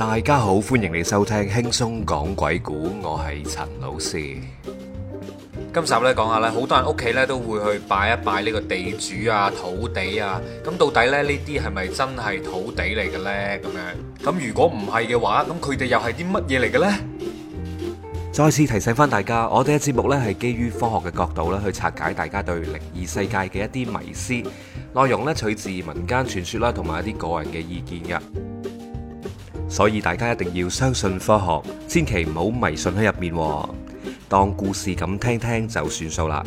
大家好，歡迎你收聽輕鬆講鬼故。我係陳老師。今集咧講下咧，好多人屋企咧都會去拜一拜呢個地主啊、土地啊。咁到底咧呢啲係咪真係土地嚟嘅呢？咁樣，咁如果唔係嘅話，咁佢哋又係啲乜嘢嚟嘅呢？再次提醒翻大家，我哋嘅節目咧係基於科學嘅角度咧去拆解大家對靈異世界嘅一啲迷思，內容咧取自民間傳說啦，同埋一啲個人嘅意見嘅。所以大家一定要相信科學，千祈唔好迷信喺入面，當故事咁聽聽就算數啦。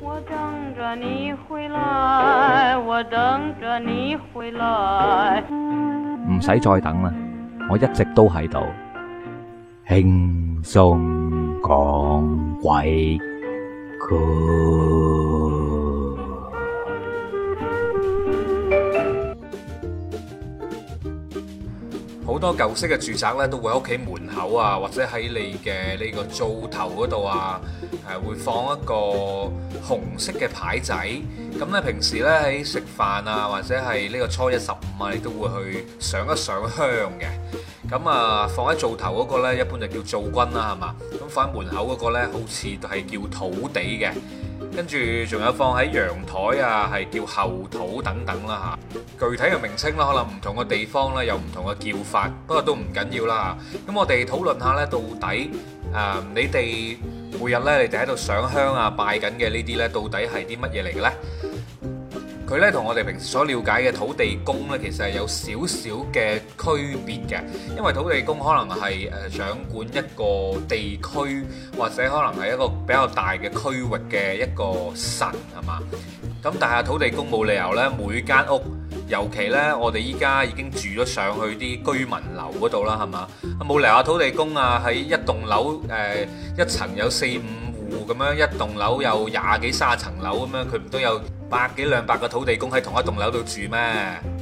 我等著你回來，我等著你回來。唔使再等啦，我一直都喺度，輕鬆講鬼故事。好多舊式嘅住宅咧，都會喺屋企門口啊，或者喺你嘅呢、呢個灶頭嗰度啊，誒會放一個紅色嘅牌仔。咁呢，平時呢喺食飯啊，或者係呢個初一十五啊，你都會去上一上香嘅。咁啊，放喺灶頭嗰個咧，一般就叫灶君啦，係嘛？咁放喺門口嗰個咧，好似係叫土地嘅。跟住仲有放喺陽台啊，係叫後土等等啦嚇、啊。具體嘅名稱啦，可能唔同嘅地方咧有唔同嘅叫法，不過都唔緊要啦咁、啊、我哋討論下呢，到底誒、啊、你哋每日呢，你哋喺度上香啊拜緊嘅呢啲呢，到底係啲乜嘢嚟嘅呢？佢咧同我哋平時所了解嘅土地公咧，其實係有少少嘅區別嘅，因為土地公可能係誒掌管一個地區，或者可能係一個比較大嘅區域嘅一個神，係嘛？咁但係土地公冇理由呢，每間屋，尤其呢，我哋依家已經住咗上去啲居民樓嗰度啦，係嘛？冇理由土地公啊，喺一棟樓誒一層有四五。咁樣一棟樓有廿幾卅層樓咁樣，佢唔都有百幾兩百個土地公喺同一棟樓度住咩？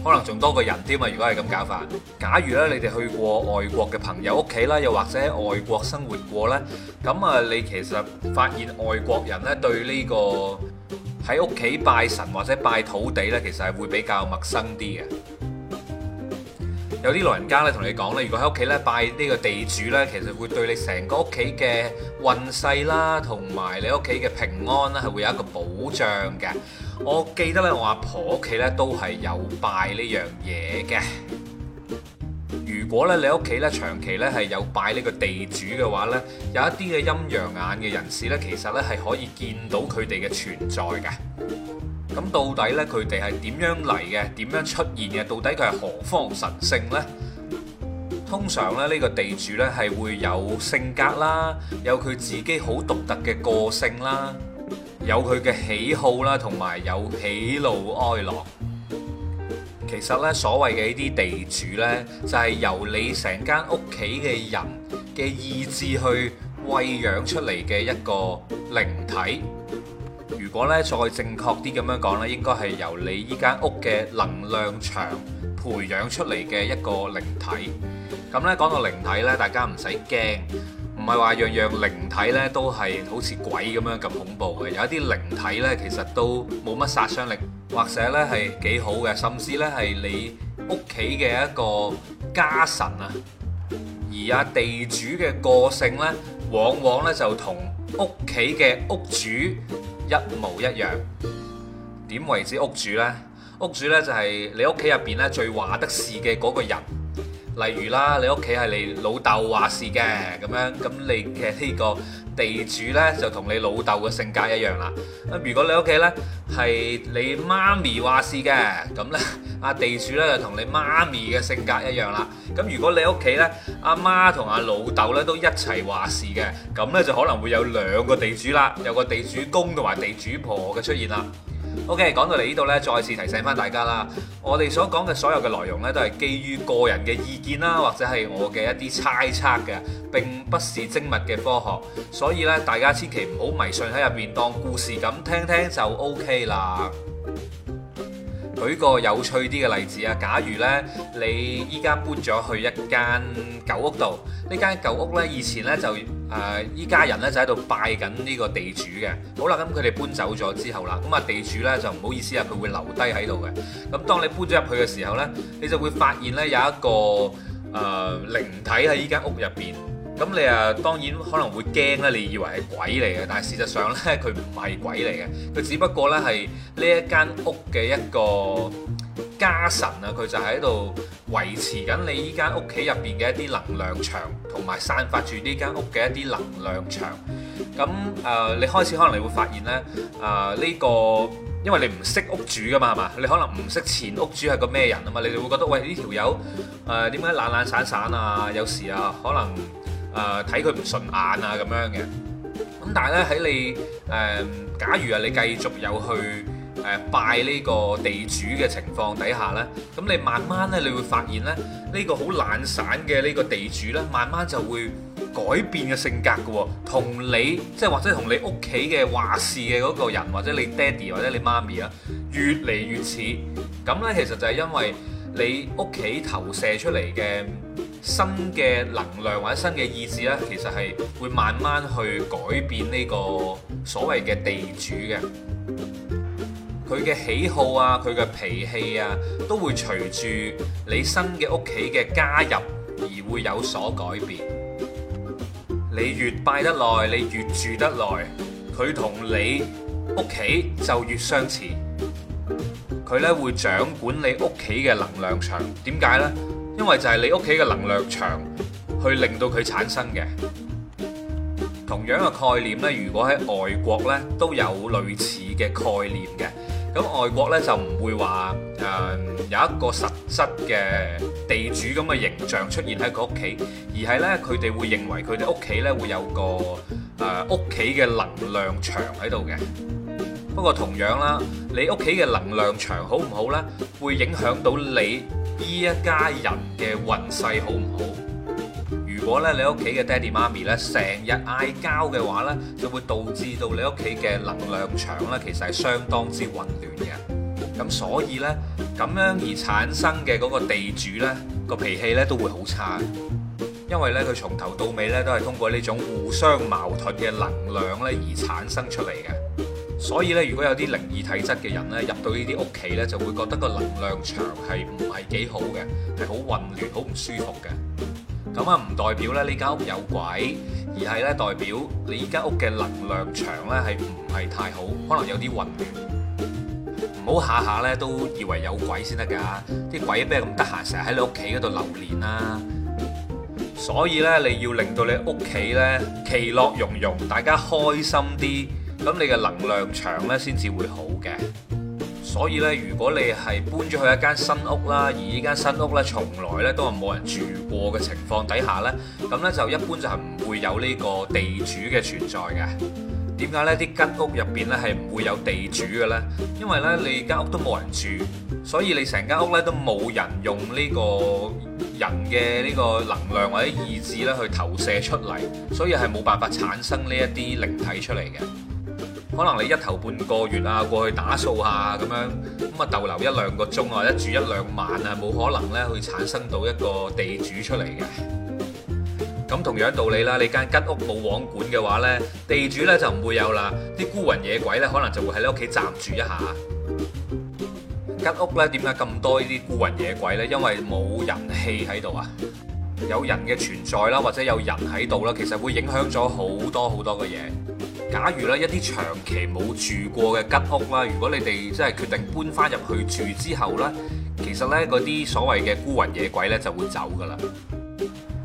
可能仲多個人添嘛。如果係咁搞法，假如咧你哋去過外國嘅朋友屋企啦，又或者外國生活過呢，咁啊你其實發現外國人呢、這個，對呢個喺屋企拜神或者拜土地呢，其實係會比較陌生啲嘅。有啲老人家咧同你講咧，如果喺屋企咧拜呢個地主咧，其實會對你成個屋企嘅運勢啦，同埋你屋企嘅平安咧，係會有一個保障嘅。我記得咧，我阿婆屋企咧都係有拜呢樣嘢嘅。如果咧你屋企咧長期咧係有拜呢個地主嘅話咧，有一啲嘅陰陽眼嘅人士咧，其實咧係可以見到佢哋嘅存在嘅。咁到底呢，佢哋係點樣嚟嘅？點樣出現嘅？到底佢係何方神聖呢？通常呢，呢個地主呢係會有性格啦，有佢自己好獨特嘅個性啦，有佢嘅喜好啦，同埋有喜怒哀樂。其實呢，所謂嘅呢啲地主呢，就係由你成間屋企嘅人嘅意志去餵養出嚟嘅一個靈體。如果咧，再正確啲咁樣講呢，應該係由你依間屋嘅能量場培養出嚟嘅一個靈體。咁呢，講到靈體呢，大家唔使驚，唔係話樣樣靈體呢都係好似鬼咁樣咁恐怖嘅。有一啲靈體呢，其實都冇乜殺傷力，或者呢係幾好嘅，甚至呢係你屋企嘅一個家神。啊。而阿地主嘅個性呢，往往呢就同屋企嘅屋主。一模一樣，點為之屋主咧？屋主咧就係你屋企入邊咧最話得事嘅嗰個人。例如啦，你屋企係你老豆話事嘅咁樣，咁你嘅呢個地主呢，就同你老豆嘅性格一樣啦。咁如果你屋企呢，係你媽咪話事嘅，咁呢，阿地主呢，就同你媽咪嘅性格一樣啦。咁如果你屋企呢，阿媽同阿老豆呢，都一齊話事嘅，咁呢，就可能會有兩個地主啦，有個地主公同埋地主婆嘅出現啦。O K，講到嚟呢度呢，再次提醒翻大家啦，我哋所講嘅所有嘅內容呢，都係基於個人嘅意見啦，或者係我嘅一啲猜測嘅，並不是精密嘅科學，所以呢，大家千祈唔好迷信喺入面，當故事咁聽聽就 O K 啦。舉個有趣啲嘅例子啊，假如呢，你依家搬咗去一間舊屋度，呢間舊屋呢，以前呢就誒依家人咧就喺度拜緊呢個地主嘅，好啦，咁佢哋搬走咗之後啦，咁啊地主呢，就唔好意思啊，佢會留低喺度嘅。咁當你搬咗入去嘅時候呢，你就會發現呢有一個誒、呃、靈體喺依間屋入邊。咁你啊當然可能會驚啦，你以為係鬼嚟嘅，但係事實上呢，佢唔係鬼嚟嘅，佢只不過呢係呢一間屋嘅一個家神啊，佢就喺度。維持緊你依間屋企入邊嘅一啲能量場，同埋散發住呢間屋嘅一啲能量場。咁誒、呃，你開始可能你會發現咧，誒、呃、呢、呢個因為你唔識屋主噶嘛，係嘛？你可能唔識前屋主係個咩人啊嘛，你就會覺得喂呢條友誒點解懶懶散散啊？有時、呃、啊，可能誒睇佢唔順眼啊咁樣嘅。咁但係咧喺你誒、呃，假如啊你繼續有去。誒拜呢個地主嘅情況底下呢，咁你慢慢呢，你會發現呢，呢、這個好懶散嘅呢個地主呢，慢慢就會改變嘅性格嘅喎、哦，同你即係或者同你屋企嘅話事嘅嗰個人，或者你爹哋或者你媽咪啊，越嚟越似。咁呢，其實就係因為你屋企投射出嚟嘅新嘅能量或者新嘅意志呢，其實係會慢慢去改變呢個所謂嘅地主嘅。佢嘅喜好啊，佢嘅脾氣啊，都會隨住你新嘅屋企嘅加入而會有所改變。你越拜得耐，你越住得耐，佢同你屋企就越相似。佢呢會掌管你屋企嘅能量場，點解呢？因為就係你屋企嘅能量場去令到佢產生嘅。同樣嘅概念呢，如果喺外國呢都有類似嘅概念嘅。咁外國咧就唔會話誒、呃、有一個實質嘅地主咁嘅形象出現喺佢屋企，而係咧佢哋會認為佢哋屋企咧會有個誒屋企嘅能量場喺度嘅。不過同樣啦，你屋企嘅能量場好唔好咧，會影響到你依一家人嘅運勢好唔好。如果咧你屋企嘅爹地媽咪咧成日嗌交嘅話咧，就會導致到你屋企嘅能量場咧其實係相當之混亂嘅。咁所以咧咁樣而產生嘅嗰個地主咧個脾氣咧都會好差，因為咧佢從頭到尾咧都係通過呢種互相矛盾嘅能量咧而產生出嚟嘅。所以咧如果有啲靈異體質嘅人咧入到呢啲屋企咧就會覺得個能量場係唔係幾好嘅，係好混亂好唔舒服嘅。咁啊，唔代表咧你間屋有鬼，而係咧代表你依間屋嘅能量場咧係唔係太好，可能有啲混亂。唔好下下咧都以為有鬼先得㗎，啲鬼咩咁得閒，成日喺你屋企嗰度流連啦。所以咧，你要令到你屋企咧其樂融融，大家開心啲，咁你嘅能量場咧先至會好嘅。所以呢，如果你係搬咗去一間新屋啦，而呢間新屋呢，從來呢都係冇人住過嘅情況底下呢，咁呢就一般就係唔會有呢個地主嘅存在嘅。點解呢？啲吉屋入邊呢係唔會有地主嘅呢？因為呢，你間屋都冇人住，所以你成間屋呢都冇人用呢個人嘅呢個能量或者意志呢去投射出嚟，所以係冇辦法產生呢一啲靈體出嚟嘅。可能你一頭半個月啊，過去打掃下咁樣，咁啊逗留一兩個鐘啊，或者住一兩晚啊，冇可能咧去產生到一個地主出嚟嘅。咁同樣道理啦，你間吉屋冇網管嘅話咧，地主咧就唔會有啦。啲孤魂野鬼咧，可能就會喺你屋企暫住一下。吉屋咧點解咁多呢啲孤魂野鬼咧？因為冇人氣喺度啊，有人嘅存在啦，或者有人喺度啦，其實會影響咗好多好多嘅嘢。假如咧一啲長期冇住過嘅吉屋啦，如果你哋真係決定搬翻入去住之後呢，其實呢嗰啲所謂嘅孤魂野鬼呢就會走噶啦，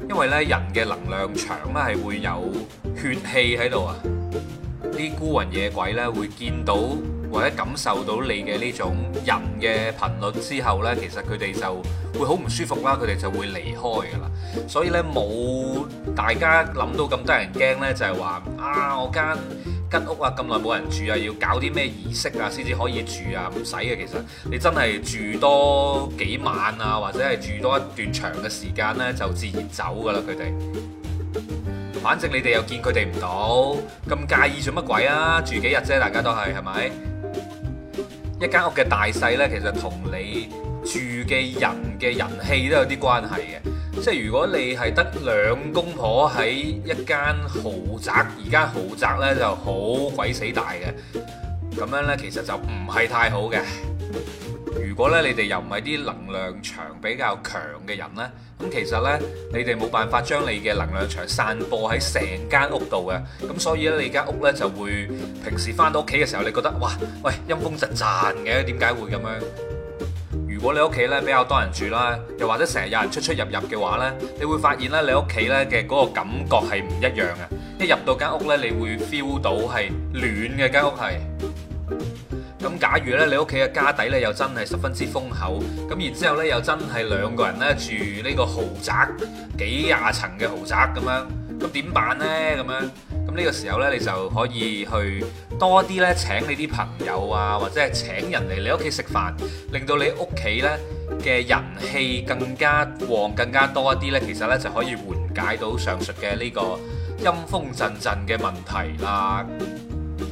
因為呢人嘅能量場呢係會有血氣喺度啊，啲孤魂野鬼呢會見到。或者感受到你嘅呢種人嘅頻率之後呢，其實佢哋就會好唔舒服啦，佢哋就會離開噶啦。所以呢，冇大家諗到咁得人驚呢，就係話啊，我間吉屋啊咁耐冇人住啊，要搞啲咩儀式啊先至可以住啊？唔使嘅，其實你真係住多幾晚啊，或者係住多一段長嘅時間呢，就自然走噶啦。佢哋，反正你哋又見佢哋唔到，咁介意做乜鬼啊？住幾日啫，大家都係係咪？一間屋嘅大細呢，其實同你住嘅人嘅人氣都有啲關係嘅。即係如果你係得兩公婆喺一間豪宅，而間豪宅呢就好鬼死大嘅，咁樣呢，其實就唔係太好嘅。如果咧你哋又唔係啲能量場比較強嘅人呢，咁其實呢，你哋冇辦法將你嘅能量場散播喺成間屋度嘅，咁所以呢，你間屋呢，就會平時翻到屋企嘅時候，你覺得哇，喂陰風陣陣嘅，點解會咁樣？如果你屋企呢比較多人住啦，又或者成日有人出出入入嘅話呢，你會發現呢，你屋企呢嘅嗰個感覺係唔一樣嘅，一入到間屋呢，你會 feel 到係暖嘅間屋係。咁假如咧，你屋企嘅家底咧又真係十分之豐厚，咁然之後咧又真係兩個人咧住呢個豪宅幾廿層嘅豪宅咁樣，咁點辦呢？咁樣，咁、這、呢個時候咧，你就可以去多啲咧請你啲朋友啊，或者係請人嚟你屋企食飯，令到你屋企咧嘅人氣更加旺、更加多一啲呢，其實呢，就可以緩解到上述嘅呢個陰風陣陣嘅問題啦。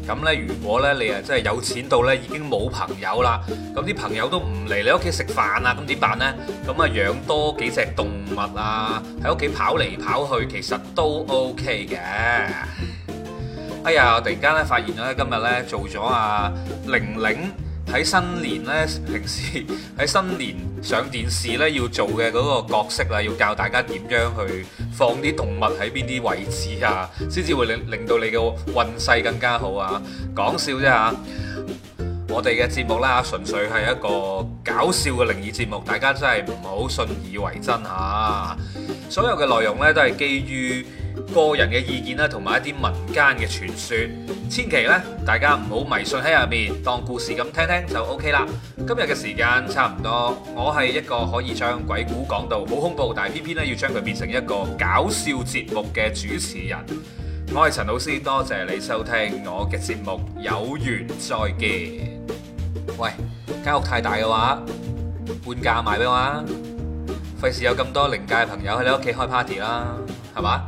咁呢，如果咧你啊真係有錢到咧，已經冇朋友啦，咁啲朋友都唔嚟你屋企食飯啊，咁點辦呢？咁啊養多幾隻動物啊，喺屋企跑嚟跑去，其實都 OK 嘅。哎呀，我突然間咧發現咗今日呢，啊，做咗啊玲玲。喺新年呢，平時喺新年上電視呢，要做嘅嗰個角色啦，要教大家點樣去放啲動物喺邊啲位置啊，先至會令令到你嘅運勢更加好啊！講笑啫嚇啊，我哋嘅節目啦，純粹係一個搞笑嘅靈異節目，大家真係唔好信以為真嚇啊，所有嘅內容呢，都係基於。個人嘅意見啦，同埋一啲民間嘅傳說，千祈咧，大家唔好迷信喺入面，當故事咁聽聽就 OK 啦。今日嘅時間差唔多，我係一個可以將鬼故講到好恐怖，但係偏偏咧要將佢變成一個搞笑節目嘅主持人。我係陳老師，多謝你收聽我嘅節目，有緣再見。喂，間屋太大嘅話，半價賣俾我啊！費事有咁多靈界朋友喺你屋企開 party 啦，係嘛？